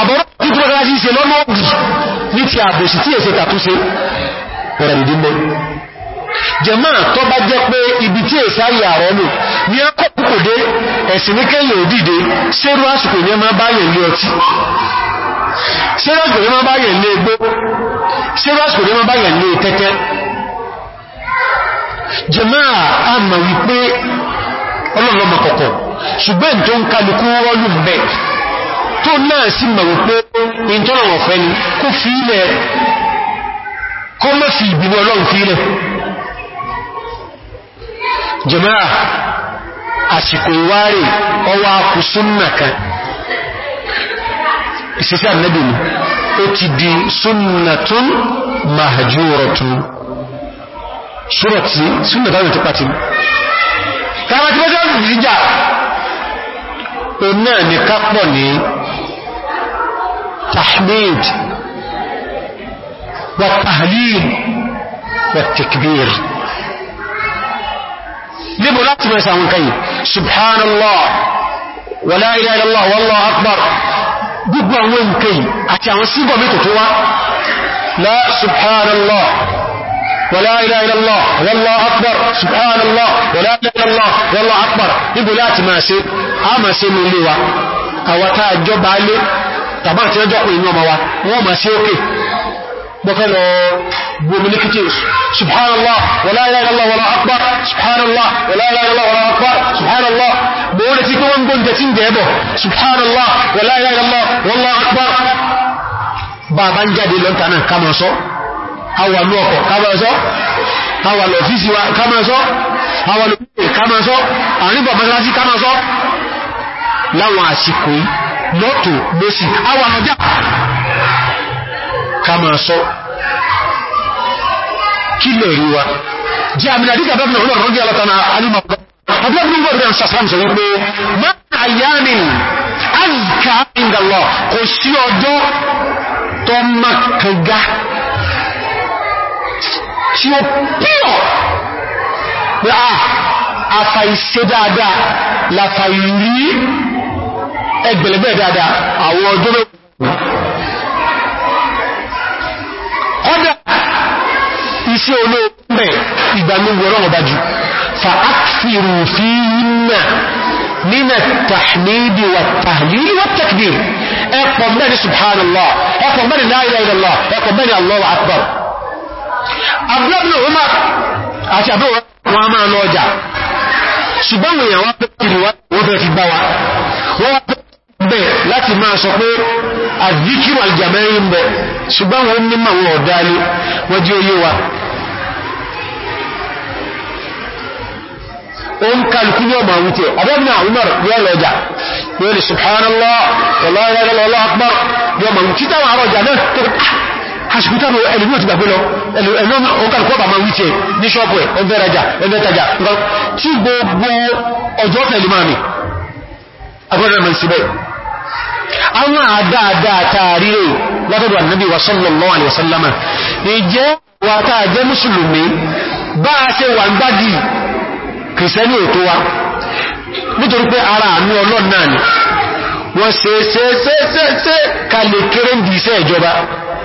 àbọ̀rọ̀ títí mọ́kànlá sí ṣe lọ́nà òbí ní ti àbòsí tí èsẹ tàtúnṣe ọ̀rọ̀ ìdímọ́ jẹ̀mọ́ tó bá jẹ́ pé ibi tí èsẹ ayà rọ̀ lò ní ọkọ̀ púpọ̀ dé ẹ̀sìn níkẹyìn òdìdé sẹ́rú àsìkò ní ọmọ báyẹ̀ lé ọtí sẹ́rú àsìkò ní ọmọ báyẹ̀ lé egbó sẹ́rú àsìkò ní ọmọ báyẹ̀ wípé ọlọ́lọ́mọ kọ̀kọ̀ ṣùgbọ́n tó ń kálukú rọ́lù bẹ́ẹ̀ tó náà sí mọ̀ wípé ìntọ́nàwọ̀ fẹ́ ni kó fi ilẹ̀ kó mọ́ fi ìbínú ọlọ́run fi ilẹ̀ jẹmọ́ra àsìkò ìwárè ọwá kùsúnnà kan ìsẹsẹ́ ànẹ́bì ni ó ti di súnnàtún mahajúrọ̀tún o náà ni kápọ̀ ní tahmid wa tahlil wa takbir níbo láti mẹ́sà àwọn kan yìí subhanallah wa la ilaha illallah wallahu akbar gbogbo àwọn nǹkan yìí àti àwọn sígbọ̀ mẹ́tò tó wá la subhanallah ولا إله إلا الله والله أكبر سبحان الله ولا إله إلا الله والله أكبر níbo láti máa ṣe a máa ṣe ní ilé wa àwọn tá àjọ bá lé tàbá àti ẹjọ́ pé inú ọmọ wa wọ́n máa ṣe ókè bọ́kẹ́ lọ gbòmìnikítì subhanallah wala ilaha illallah wala akbar subhanallah wala ilaha illallah wala akbar subhanallah bọ́wọ́n ti kí wọ́n gbọ́n jẹ́ tí ń jẹ́ ẹbọ̀ subhanallah wala ilaha illallah wala akbar bàbá ń jáde lọ́ntà náà kamọ̀ sọ́ awàlú ọkọ̀ kámọ́sọ́ awàlú ọ̀fíìsì wa kámọ́sọ́ awàlú pẹ̀lú kámọ́sọ́ àríbọ̀ mọ́sánásí kámọ́sọ́ láwọn àsìkò lọ́tò lọ́sì awàlọ́já kámọ́sọ́ kí lè rí wa jẹ́ àmìnàdíkà bẹ́bìnà olóòrùn jẹ́ alátana alìmọ̀ tó mọ́ kẹgá tí ó píọ̀ pé à ah, àfàìṣe dáadáa láfàìrí ẹgbẹ̀lẹ̀gbẹ̀ dáadáa àwọn ọjọ́ mẹ́kùnrin kọ́dá iṣẹ́ olóòpẹ̀ ìgbàmúgbò ọlọ́run bá jù fa ákìrù fi yínà nínà tàhmìdì wà tàhlìlì wà tàkbìr ẹ̀pọ̀ mẹ́rin subhanallah ẹ̀pọ̀ mẹ́rin la ilaha illallah ẹ̀pọ̀ mẹ́rin allahu akbar abúlọ́bìnà wọ́n máa àti àbúrò wọn máa lọ ọjà ṣùgbọ́n èèyàn wá pẹ́ kiri wọ́n fẹ́ fi gbá wa wọ́n wá pẹ́ bẹ̀ láti máa sọ pé àdíkìrò àjàmẹ́rin ń bẹ̀ ṣùgbọ́n wọ́n ní màá wọ́n ọ̀dálé wọ́n jí oyé wa òun kàlùkú ní ọmọ àwútẹ́ abẹ́bìnà Umar yọ́ lọ́jà yóò lè subhanallah ọlọ́rẹ́lọ́lọ́ akbar yọ́ mọ̀ títàwà àrọ̀jà náà hasibítàrò ẹlùmí òtù gbàgbé lọ ẹlùmí òkàlùkọ́ bà máa wí tẹ́ ní ṣọ́pù ẹ̀ ẹgbẹ́rajà ẹgbẹ́tajà tí gbogbo ọjọ́ tẹ̀lú máa mi agbọ́dọ̀ mẹ́ síbẹ̀ àwọn àdáadáa tààrí rẹ̀ wa sallallahu alaihi wasallama ìjẹ́ wa ta jẹ́ mùsùlùmí bá a ṣe wà ara ni wọ́n ṣe se se se se kéré ń di iṣẹ́ ìjọba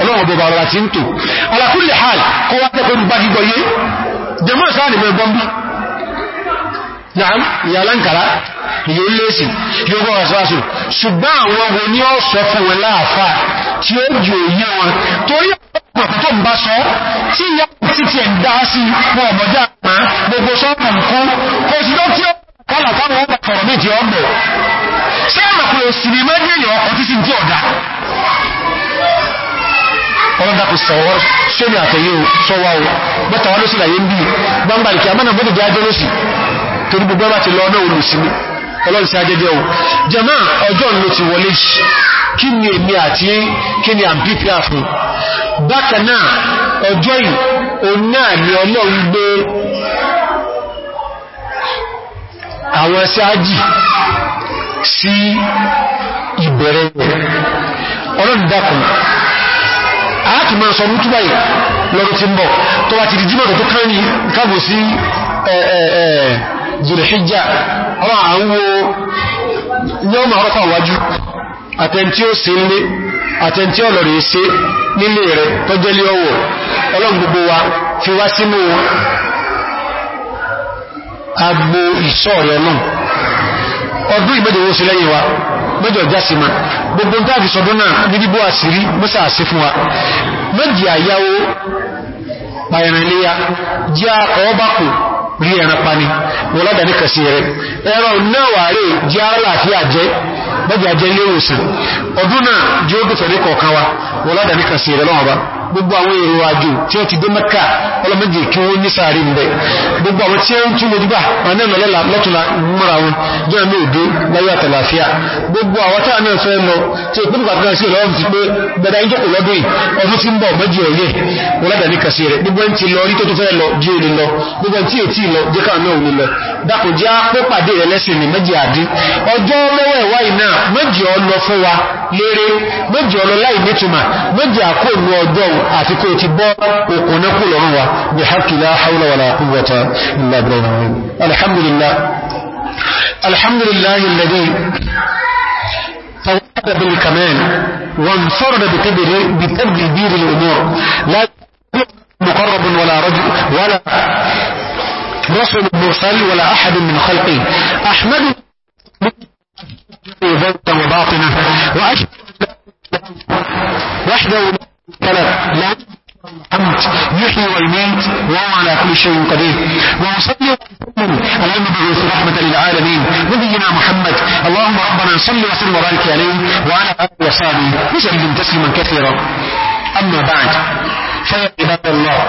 ọlọ́run bọba ọ̀rọ̀ àti ń tò alákùnlé hàn kó wá tẹ́kọ̀ olùgbà gbígbọ́ yé jẹmọ́ sáà nìmọ̀ ẹgbọ́n bí náà ìyà láǹkàrá ìyẹ́ lẹ́sìn yóò bọ́ ọ̀sọ́sọ́ ṣùgbọ́n àwọn wo ni ó sọ fún wọn láàfà tí ó jù òyìn wọn torí ọ̀pọ̀ tó ń bá sọ tí ìyá títí ẹ̀ dá sí wọn ọmọdé àmà gbogbo sọ́pọ̀ nǹkan kò sí tó tí ó kọ́lá táwọn ọmọ fọ̀rọ̀ méjì ọgbọ̀ sí àmàkùnrin sinimá ní èèyàn ọkọ̀ títí tí ọ̀dá ọlọ́dàkù sọ̀wọ́ sómi àtẹ̀yẹ sọ́wọ́ mẹ́tàwà ló sì láyé ń bí gbáǹbàlìkì àmẹ́nà gbọ́dọ̀ jẹ́ ajẹ́ lóṣì torí gbogbo bá ti lọ náà olùsìnmi sí ni èmi àti kí ni àmì pípíà fún bákan náà ọjọ́ yìí òun náà ni ọlọ́run ìbẹ̀rẹ̀ ọlọ́run àti mọ́ sọ mútúbà yìí lọ́rọ̀ tí ń bọ̀ tó wà ti di jímọ̀ tó kán ní kágbò sí zulhijjá ọmọ àwọn yọ́mọ̀ ọ̀pọ̀ àwájú àtẹ́ntí ó sí nílé àtẹ́ntí ọlọ́rẹ̀ sí nílé rẹ̀ tó jẹ́ lé mẹ́jọ jásí ma gbogbo ń tàbí sọdún náà dídíbò àṣírí mọ́sá àṣí fún wa mẹ́jì àyáwó pàìrìnlẹ́yà jẹ́ ọ̀ọ́bàkù rí ẹran pani wọ́lọ́dà ní kàsí rẹ̀ ẹ̀rọ náà wà rí jẹ́ aláàfíà jẹ́ mẹ́jì àjẹ́ ilé gbogbo àwọn èrò àjò tí ó ti dé mẹ́kà ọlọ́mọ́dé kí wọ́n ní sàárì ń bẹ̀ gbogbo àwọn tí ó ń tún lójúgbà anẹ́nà lọ́la lọ́tùnà múra wọn jẹ́ ní òdó láyé àtàlàfíà gbogbo àwọn tí a náà fẹ́ lọ tí ó pínpà kan sí ọlọ́run ti pé bẹ̀dà ìjọkò lọ́dún ọdún tí ń bọ̀ méjì ọ̀yẹ́ ọlọ́dà ní kàṣí rẹ̀ gbogbo ẹni ti lọ rí بحق لا حول ولا قوة àti kò ti bọ́ òkun nẹ́kù lọ́rún wa bí hàkìlá haúlọ بتدبير الأمور لا مقرب ولا رجل ولا رسول مرسل ولا أحد من خلقه أحمد وباطنة وأشهد وحده التلف لا محمد يحيي ويميت وهو على كل شيء قدير وأصلي وأسلم على النبي رحمة للعالمين نبينا محمد اللهم ربنا صل وسلم وبارك عليه وعلى آله وصحبه وسلم تسليما كثيرا أما بعد فيا عباد الله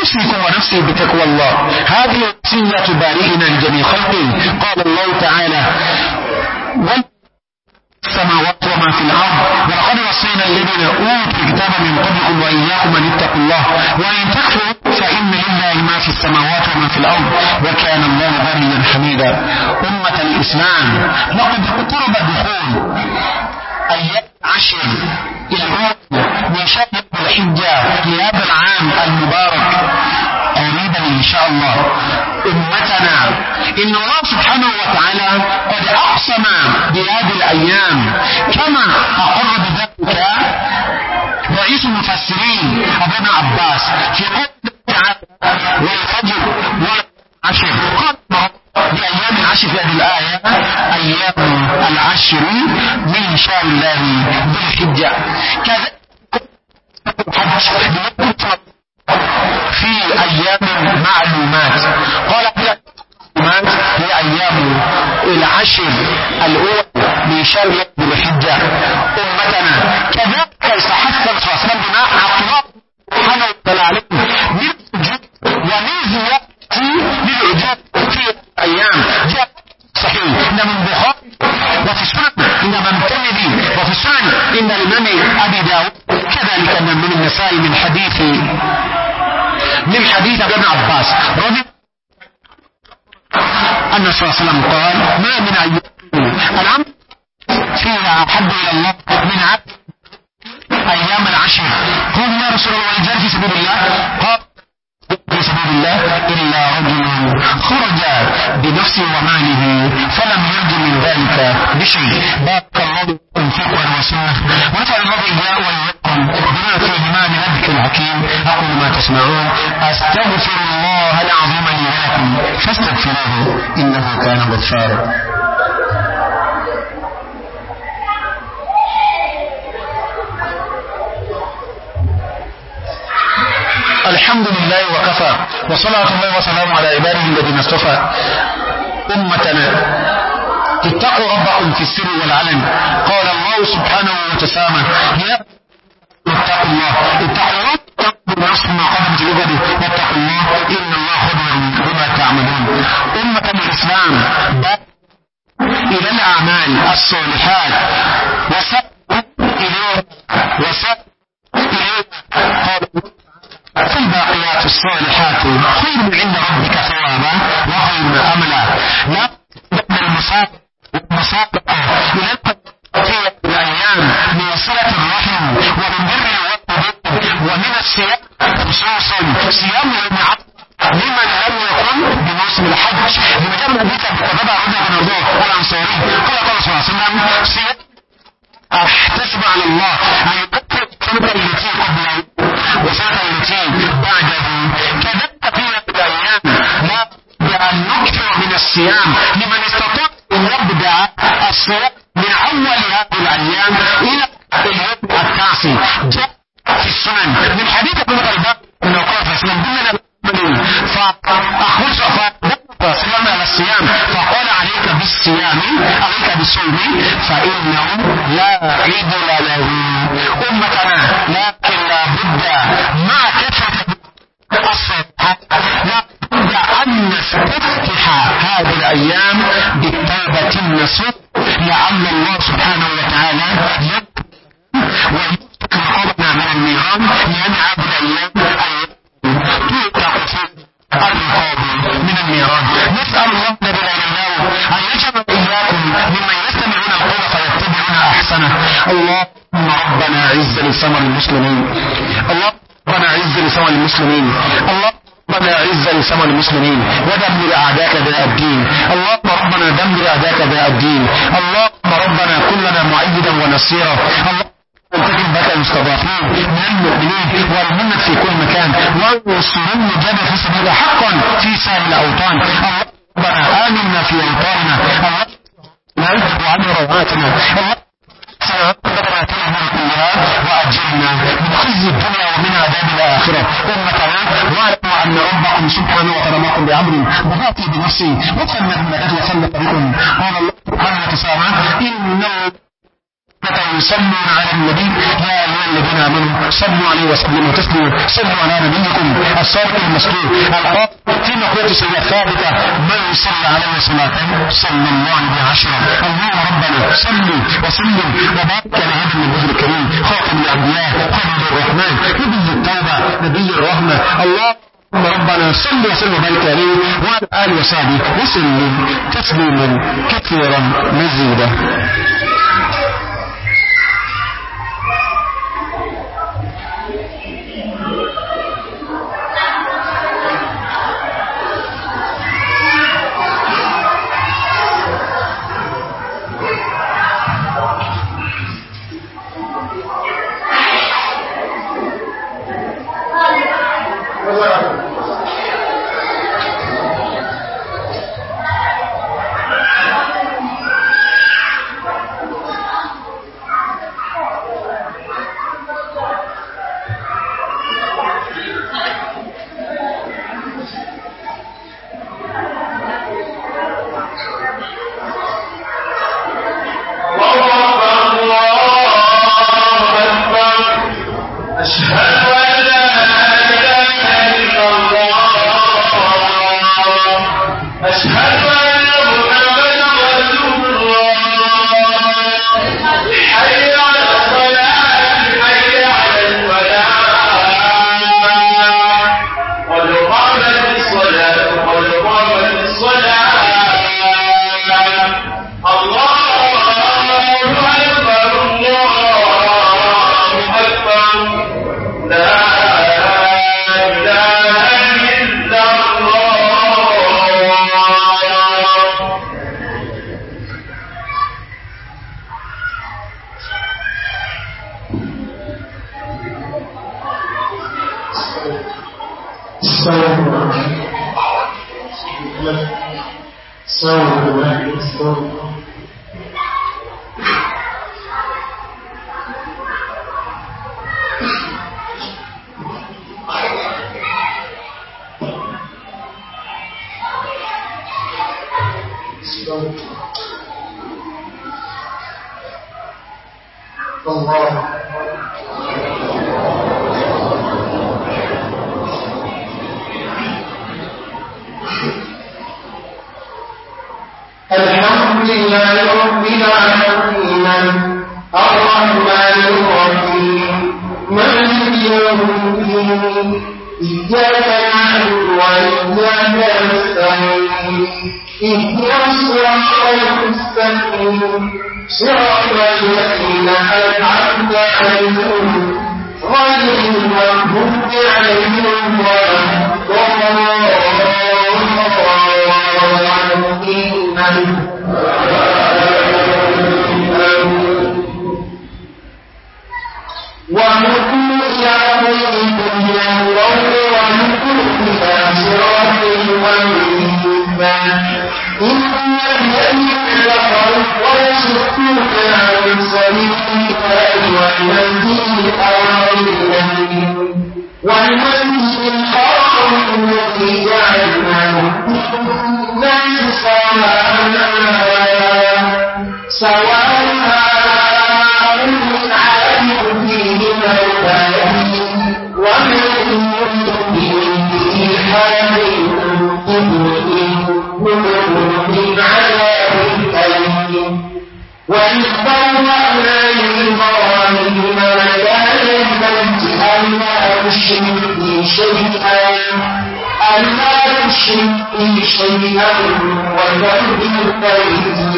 أوصيكم ونفسي بتقوى الله هذه وصية بارئنا لجميع خلقه قال الله تعالى السماوات وما في الأرض ولقد وصينا الذين أوتوا الكتاب من قبلكم وإياكم أن اتقوا الله وإن تكفروا فإن لله ما في السماوات وما في الأرض وكان الله غنيا حميدا أمة الإسلام لقد قرب دخول أيام عشر إلى من شهر الحجة في هذا العام المبارك وطني إن شاء الله أمتنا إن الله سبحانه وتعالى قد أقسم بهذه الأيام كما أقر بذلك رئيس المفسرين ابن عباس في قول تعالى والفجر والعشر قال بأيام العشر في هذه الآية أيام العشر من شاء الله ذي الحجة كذلك الحج في أيام معلومات قال في معلومات هي أيام العشر الأول من شهر ذي الحجة أمتنا كذلك يستحث الرسول بما أطلق سبحانه وتعالى من الوجود ومن زيادة للعجاب في أيام جاء صحيح إن من بخاري وفي سنة عند الترمذي وفي السنن إن الإمام أبي داود كذلك من النسائي من حديث من حديث ابن عباس رضي أن صلى الله عليه وسلم قال ما من أيام العمل فيها أحب إلى الله من عبد أيام العشر قلنا يا رسول الله الجار في سبيل الله قال في سبيل الله إلا رجل خرج بنفسه وماله فلم يرد من ذلك بشيء بارك الله فيكم والوسوخ ونفع الله إياه وإياكم بما فيهما من ربك الحكيم أقول ما تسمعون أستغفر الله العظيم لي ولكم فاستغفروه إنه كان غفارا الحمد لله وكفى وصلاة الله وسلام على عباده الذين اصطفى أمتنا اتقوا ربكم في السر والعلن قال الله سبحانه وتسامى يا اتقوا الله اتقوا ربكم ونصف ما واتقوا الله إن الله خبر بما تعملون أمة الإسلام إلى الأعمال الصالحات وسأل إليه وسأل الباقيات الصالحات خير عند ربك ثوابا وخير املا لا تقبل المصاب والمصاب الى القدر الايام من صله الرحم ومن بر والقبول ومن الصيام خصوصا صيام يوم لمن لم يكن بموسم الحج بمجرد ذلك فقد عبد بن الله الانصاري قال صلى الله عليه وسلم صيام احتسب على الله ان يكفر الذنوب التي قبل وسنأتي بعده كذلك في الأيام لا بأن نكثر من الصيام لمن استطاع أن يبدأ الصيام من أول هذه الأيام إلى اليوم التاسع جاء في السنن من حديث ابن الباب أنه قال من ضمن الأمر فأخرج فأخرج الصيام فقال عليك بالصيام عليك بالصوم فإنه لا عيد له أمتنا لكن لابد مع كثرة الصدقات لابد أن نستفتح هذه الأيام بالتوبة النصوح لعل الله سبحانه وتعالى ويمسك رقبنا من النيران لأن هذه الأيام تؤتى الفاضل من الميراث نسأل الله الذي لا نعلمه أن يجعل إياكم ممن يستمعون القول فيتبعون أحسنه اللهم ربنا عز لسمر المسلمين اللهم ربنا عز لسمر المسلمين اللهم ربنا عز لسمع المسلمين ودمر أعداءك داء الدين اللهم ربنا دمر أعداءك داء الدين اللهم ربنا كلنا معيدا ونصيرا اللهم تجد بك مستضعفين من المؤمنين والمنة في كل مكان ويصرون جبل في سبيل حقا في سائر الأوطان ربنا آمنا في أوطاننا وعن رواتنا وأجلنا من خزي الدنيا ومن عذاب الآخرة أمتنا واعلموا أن ربكم سبحانه وكرمكم بأمر بذاتي بنفسي وكان من مدد وخلق بكم قال الله سبحانه وتعالى إن الله صلوا على النبي يا أيها الذين آمنوا صلوا عليه وسلموا تسلموا صلوا على نبيكم الصادق المصدوق القاطع في مقوله سنة ثابتة من صلى عليه صلاة صلى الله عليه عشرة اللهم ربنا صلوا وسلم وبارك على هذا النبي الكريم خاتم الأنبياء خاتم الرحمن نبي التوبة نبي الرحمة الله ربنا صل وسلم وبارك عليه وعلى آله وصحبه وسلم تسليما كثيرا مزيدا إنا لم لخلق ويصدك عن سبيلك والذين شيئا أن لا تشرك به شيئا وتهدي البيت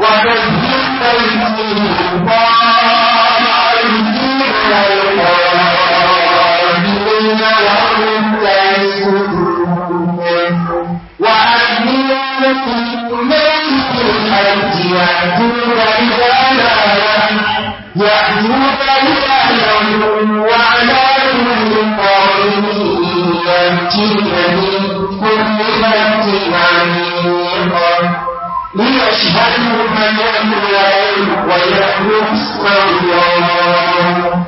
وتهدي البيت الضالين والقادمين والمتعبدين وأدعوكم إليه الحج الدين بكل خلق عميقا ليشهده منامر ويأمر صلى الله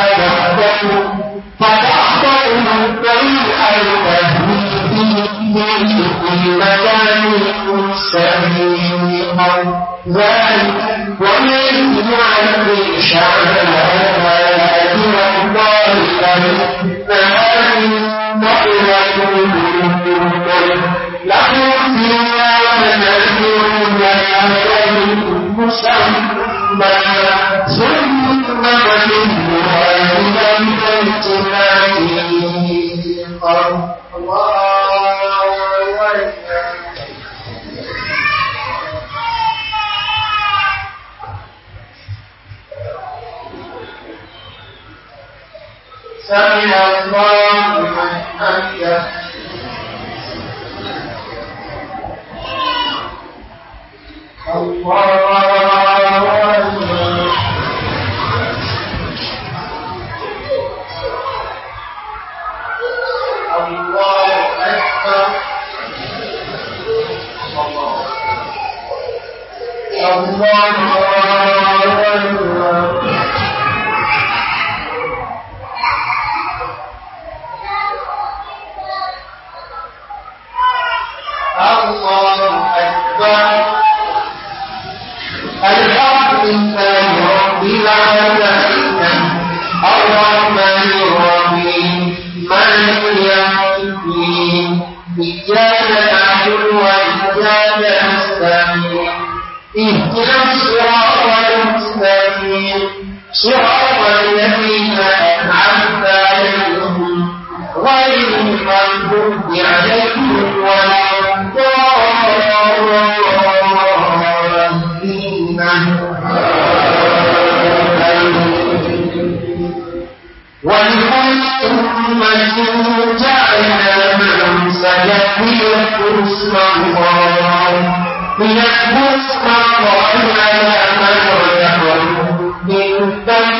يحضر فيحضر الفريق الذي فيه كل مكان ذلك ومن يعلم شعر هذا الله فإنها من نقلة لهم فيها منازل لا يعلم مسمى الله أكبر الحمد لله رب العالمين الرحمن الرحيم مالك يوم الدين إياك نعبد وإياك نستعين اهدنا الصراط المستقيم صراط الذين أنعمت عليهم غير المغضوب عليهم ليذكر اسم الله ليذكر اسم الله ليذكر اسم الله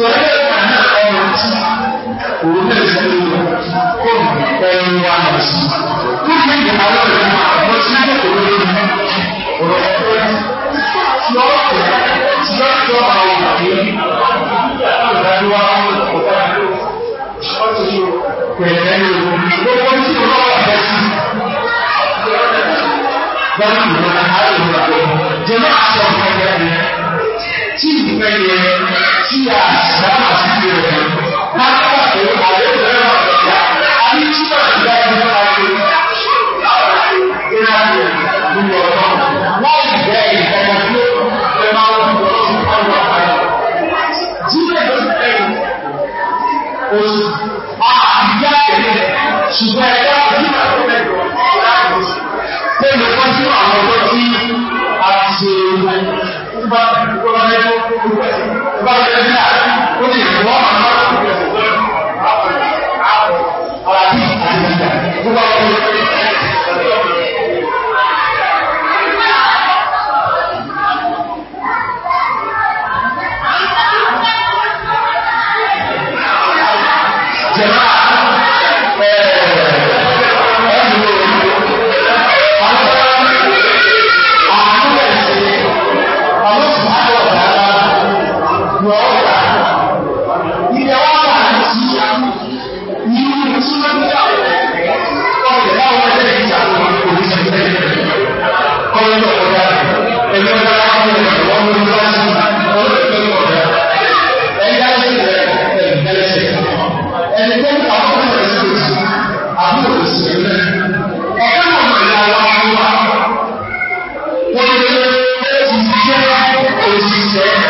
torí ẹ̀rọ ọ̀rọ̀ tí òun náà ti lè lọ kó ẹ̀rọ wa lọ sí. Tó fi ń gbà lọ́wọ́ rẹ̀ máa bọ́ sí ilé òun lórí ọ̀rọ̀ ọ̀rọ̀ tí ó tẹ̀ tí ó tọ́ àwọn àgbẹ̀ ìdájọ́ tí ìgbẹ́ yẹn tí a sábà sí rẹ̀ lágbàá àwọn ìgbẹ́ ṣùgbọ́n ẹ̀dá ìgbà tó mẹ́jọ láàrín oṣù. Pé lè 不管谁赢了，估计是皇马拿冠军，然后拿冠军，拿冠军，拿冠军，拿冠军。Yeah.